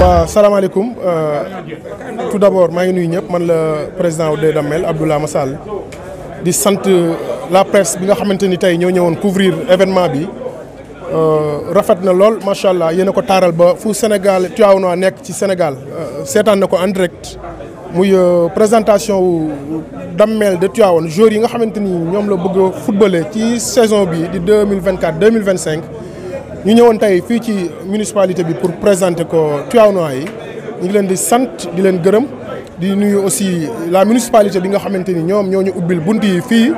waaw salaamaaleykum euh, tout d'abord maa ngi nuyu ñëpp man la président de Damel Abdoulaye Massal di sant euh, la presse bi nga xamante ni tey ñoo ñëwoon couvrir événement bi euh, rafet na lool macha allah yéen a ko taaral ba fu Sénégal Tivaouane nekk ci Sénégal seetaan na ko en direct muy présentation wu Damel de Tivaouane jour yi nga xamante ni ñoom la bëgg a ci saison bi di deux mille vingt quatre deux mille vingt cinq ñu ñëwoon tey fii ci municipalité bi pour présenter ko Tivaouanois yi ñu ngi leen di sant di leen gërëm di nuyu aussi la municipalité bi nga xamante ni ñoom ñoo ñu ubbil bunt yi fii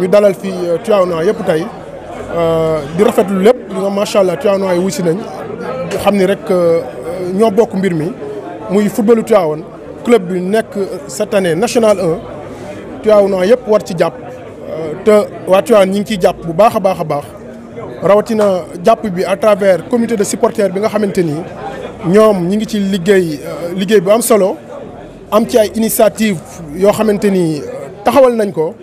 ñu dalal fii euh, Tivaouanois yëpp tey euh, di rafetlu lépp li nga macha allah Tivaouanois yi wuy si nañ xam ni rek euh, ñoo bokk mbir mi muy footballu Tivaouane club bi nekk set année national 1 Tivaouanois yëpp war ci jàpp te waa Tivaouane ñi ngi ciy jàpp bu baax a baax a baax. rawatina jàpp bi à travers comité de supporters bi nga xamante ni ñoom ñu ngi ci liggéey euh, liggéey bu am solo am ci ay initiative yoo xamante ni euh, taxawal nañ ko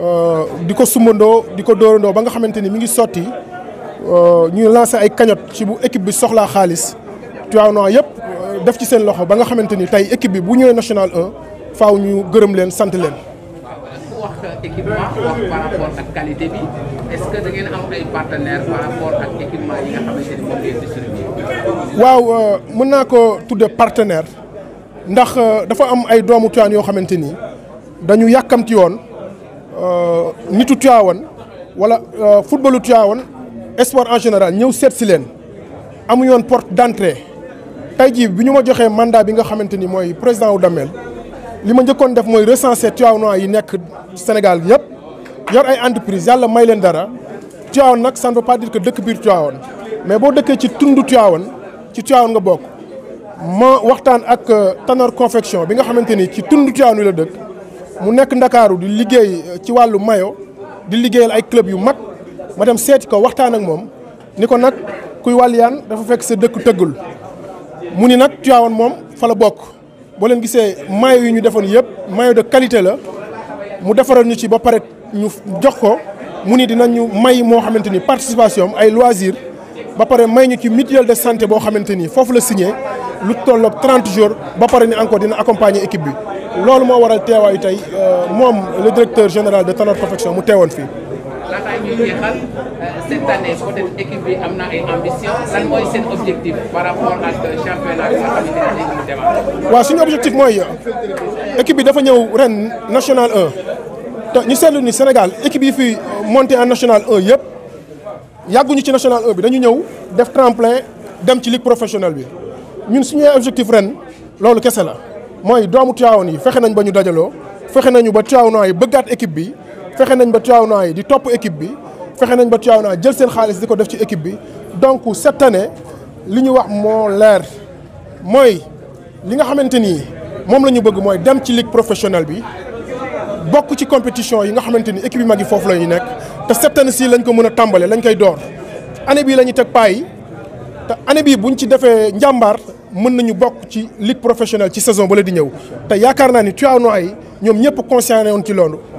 euh, di ko sumbandoo di ko dóorandoo ba nga xamante ni mi ngi sotti ñu lancer ay cagnotte ci bu équipe bi soxlaa xaalis Tivaouane yëpp def ci seen loxo ba nga xamante ni tey équipe bi bu ñëwee national 1 faaw ñu gërëm leen sant leen. waaw euh, mën naa ko tudde partenaire ndax euh, dafa am ay doomu yoo xamante ni dañu yàkkamti woon euh, nitu Tiwaawan wala footballu Tiwaawan sport en général ñëw seet si leen amu yoon porte d'entrée tey jii bi ñu ma joxee mandat bi nga xamante ni mooy président wu Damel li ma njëkkoon def mooy recenser Tivaouanois yi nekk Sénégal yëpp yor ay entreprise yàlla may leen dara Tivaouane nag ça ne veut pas que dëkk biir Tivaouane mais boo dëkkee ci tundu Tivaouane ci Tivaouane nga bokk ma waxtaan ak euh, Tanor confection bi nga xamante ni ci tund Tivaouane la dëkk mu nekk Ndakaaru di liggéey euh, ci wàllu mayo di liggéeyal ay club yu mag ma dem seeti ko waxtaan ak moom ni ko nag kuy wàll yaan dafa fekk sa dëkk tëggul mu ni nag Tivaouane moom fa bokk boo leen gisee maillot yi ñu defoon yëpp maillot de qualité la mu defaral ñu ci ba pare ñu jox ko mu ni dinañu may moo xamante ni participation ay loisir ba pare may ñu ci mutuelle de santé boo xamante ni foofu la signé lu tolloog 30 jours ba pare ni encore dina accompagner équipe bi loolu moo waral teewaayu tey euh, moom le directeur général de Tanor Confection mu teewoon fii. laataa ñuy jeexal euh, cette mooy seen bi suñu objectif mooy équipe bi dafa ñëw ren national 1 te ñu seetlu ni Sénégal équipe yi fi monté en national 1 yëpp yàgguñu ci national 1 bi dañu ñëw def tremplin dem ci ligue professionnelle bi ñun suñu objectif ren loolu kese la mooy doomu Tivaouane yi fexe nañ ba ñu dajaloo fexe nañu ba Tivaouanois yi bëggaat équipe bi. fexe nañ ba Tivaouane yi di topp equipe bi fexe nañ ba Tivaouane jël seen xaalis di ko def ci équipe bi donc cette année li ñu wax moo leer mooy li nga xamante ni moom la ñu bëgg mooy dem ci ligue professionnelle bi bokk ci compétition yi nga xamante ni équipe yi mag yi foofu la ñu nekk te cette année si lañ ko mën a tàmbale lañ koy door année bii lañu teg paay te année bii buñ ci defee njàmbaar mën nañu bokk ci ligue professionnelle ci saison ba di ñëw te yaakaar naa ni Tivaouane yi ñoom ñëpp conscient woon ci loolu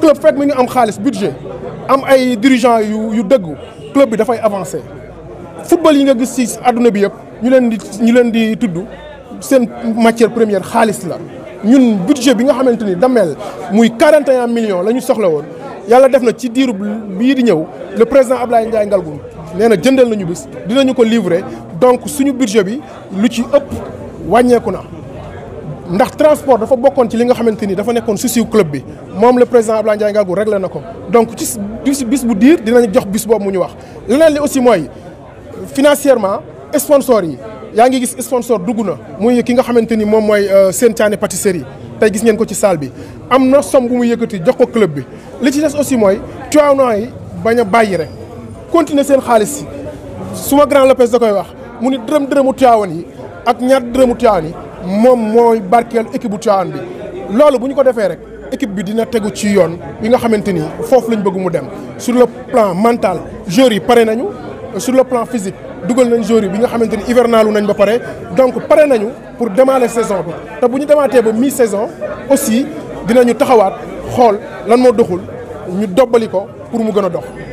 club fekk mi ngi am xaalis budget am ay dirigeants yu yu dëggu club bi dafay avancé football yi nga gis ci àdduna bi yëpp ñu leen di ñu leen di tudd seen matière première xaalis la ñun budget bi nga xamante ni dameel muy 41 millions la ñu soxla woon yàlla def na ci diiru bii di ñëw le président Ablaye Ndiaye Ngalgum nee na jëndal nañu bis dinañu ko livrer donc suñu budget bi lu ci ëpp wàññeeku na. ndax transport dafa bokkoon ci li nga xamante ni dafa nekkoon si souci club bi moom le président Abdoulaye Ndiaye Ngagou réglé na ko donc ci bis bu diir dinañ jox bis boobu mu ñu wax. leneen li aussi mooy financièrement sponsor yi yaa ngi gis sponsor dugg na muy ki nga xamante ni moom mooy euh, seen caane pâtisserie tey gis ngeen ko ci salle bi am na som bu mu yëkkati jox ko club bi. li ci des aussi mooy Tivaouane yi bañ a bàyyi rek continuer seen xaalis yi suma grand koy wax mu ni dërëm dërëmu Tivaouane yi ak ñaar dërëmu Tivaouane yi. moom mooy barkeelu équipe bu Tivaouane bi loolu bu ñu ko defee rek équipe bi dina tegu ci yoon yi nga xamante ni foofu lañ bëgg mu dem sur le plan mental joueurs yi pare nañu sur le plan physique dugal nañ joueurs bi nga xamante ni hivernalu nañ ba pare donc pare nañu pour démarrer saison ba te bu ñu demaatee ba mi saison aussi dinañu taxawaat xool lan moo doxul ñu dobbali ko pour mu gën a dox